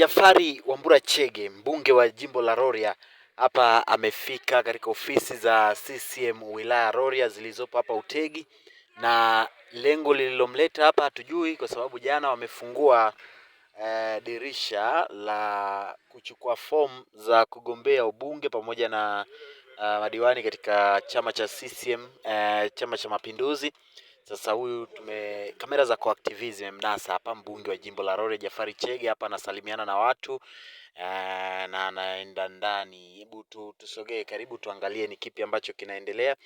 Jafari Wambura Chege, mbunge wa jimbo la Rorya, hapa amefika katika ofisi za CCM wilaya roria Rorya zilizopo hapa Utegi, na lengo lililomleta hapa hatujui, kwa sababu jana wamefungua eh, dirisha la kuchukua fomu za kugombea ubunge pamoja na uh, madiwani katika chama cha CCM, eh, chama cha Mapinduzi. Sasa huyu tume kamera za COACTV zimemnasa hapa mbunge wa jimbo la rore Jafari Chege hapa anasalimiana na watu ee, na anaenda ndani. Hebu tu, tusogee karibu tuangalie ni kipi ambacho kinaendelea.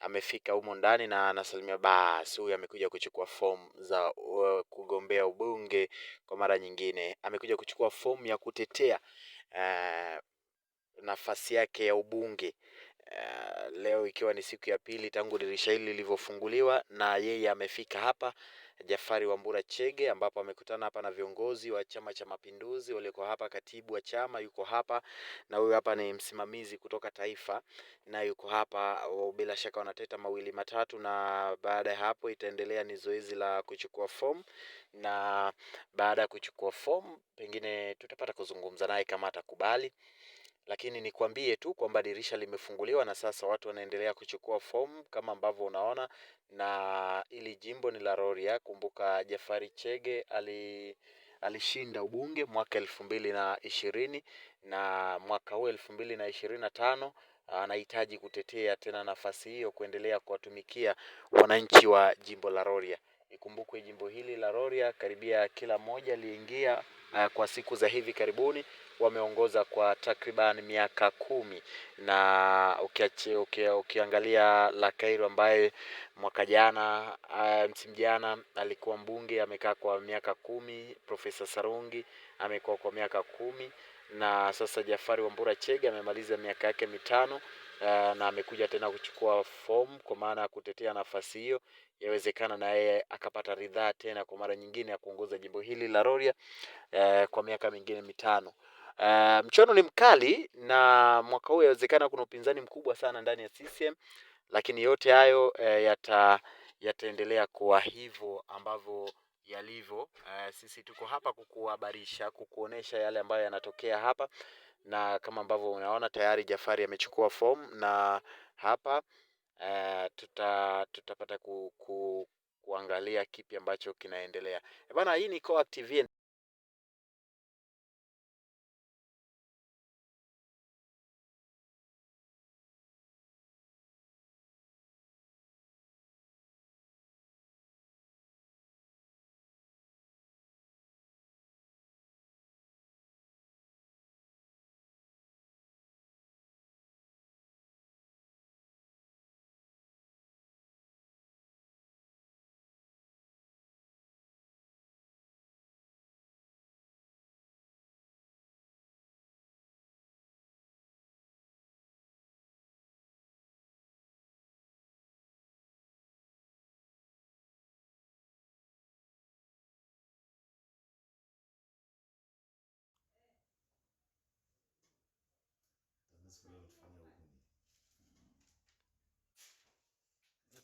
Amefika humo ndani na anasalimia. Basi huyu amekuja kuchukua fomu za uh, kugombea ubunge kwa mara nyingine. Amekuja kuchukua fomu ya kutetea uh, nafasi yake ya ubunge. Eh, leo ikiwa ni siku ya pili tangu dirisha hili lilivyofunguliwa na yeye amefika hapa Jafari Wambura Chege ambapo amekutana hapa na viongozi wa Chama cha Mapinduzi walioko hapa. Katibu wa chama yuko hapa, na huyu hapa ni msimamizi kutoka taifa na yuko hapa. Oh, bila shaka wanateta mawili matatu, na baada ya hapo itaendelea ni zoezi la kuchukua fomu, na baada ya kuchukua fomu pengine tutapata kuzungumza naye kama atakubali. Lakini nikwambie tu kwamba dirisha limefunguliwa na sasa watu wanaendelea kuchukua fomu kama ambavyo unaona na hili jimbo ni la Rorya. Kumbuka Jafari Chege ali alishinda ubunge mwaka elfu mbili na ishirini na mwaka huu elfu mbili na ishirini na tano anahitaji kutetea tena nafasi hiyo kuendelea kuwatumikia wananchi wa jimbo la Rorya. Ikumbukwe jimbo hili la Rorya karibia kila mmoja aliyeingia Ah, kwa siku za hivi karibuni wameongoza kwa takriban miaka kumi na ukiache, ukia, ukiangalia la Cairo ambaye mwaka jana uh, msimu jana alikuwa mbunge amekaa kwa miaka kumi. Profesa Sarungi amekuwa kwa miaka kumi na sasa Jafari Wambura Chege amemaliza miaka yake mitano. Eh, na amekuja tena kuchukua fomu kwa maana ya kutetea nafasi hiyo. Yawezekana na yeye akapata ridhaa tena kwa mara nyingine ya kuongoza jimbo hili la Rorya eh, kwa miaka mingine mitano. Uh, eh, mchuano ni mkali na mwaka huu yawezekana kuna upinzani mkubwa sana ndani ya CCM, lakini yote hayo uh, yata yataendelea kuwa hivyo ambavyo yalivyo. Uh, sisi tuko hapa kukuhabarisha, kukuonesha yale ambayo yanatokea hapa na kama ambavyo unaona tayari Jafari amechukua fomu na hapa uh, tuta, tutapata ku, ku, kuangalia kipi ambacho kinaendelea. E bana, hii ni Coac TV.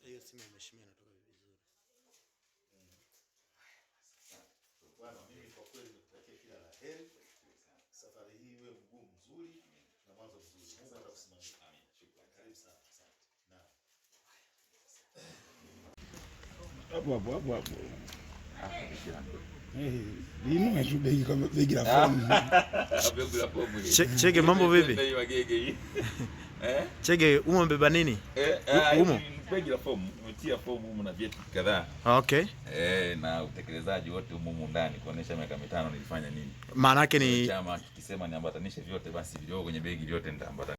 hiyo simu ya mheshimiwa inatoka vizuri. Bwana, mimi kwa kweli kila la heri. Safari hii iwe mguu mzuri na mwanzo mzuri. Mungu atakusimamia. Shukrani. Karibu sana. Asante. Na Chege, mambo vipi? Chege, eh? umo mbeba nini? Eh, eh, umo? begi la fomu umetia fomu humu na vyeti kadhaa. Okay. Eh, na utekelezaji wote humu ndani kuonesha miaka mitano nilifanya nini. Maana yake ni chama kikisema niambatanishe vyote basi vilio kwenye begi vyote nitaambatanisha.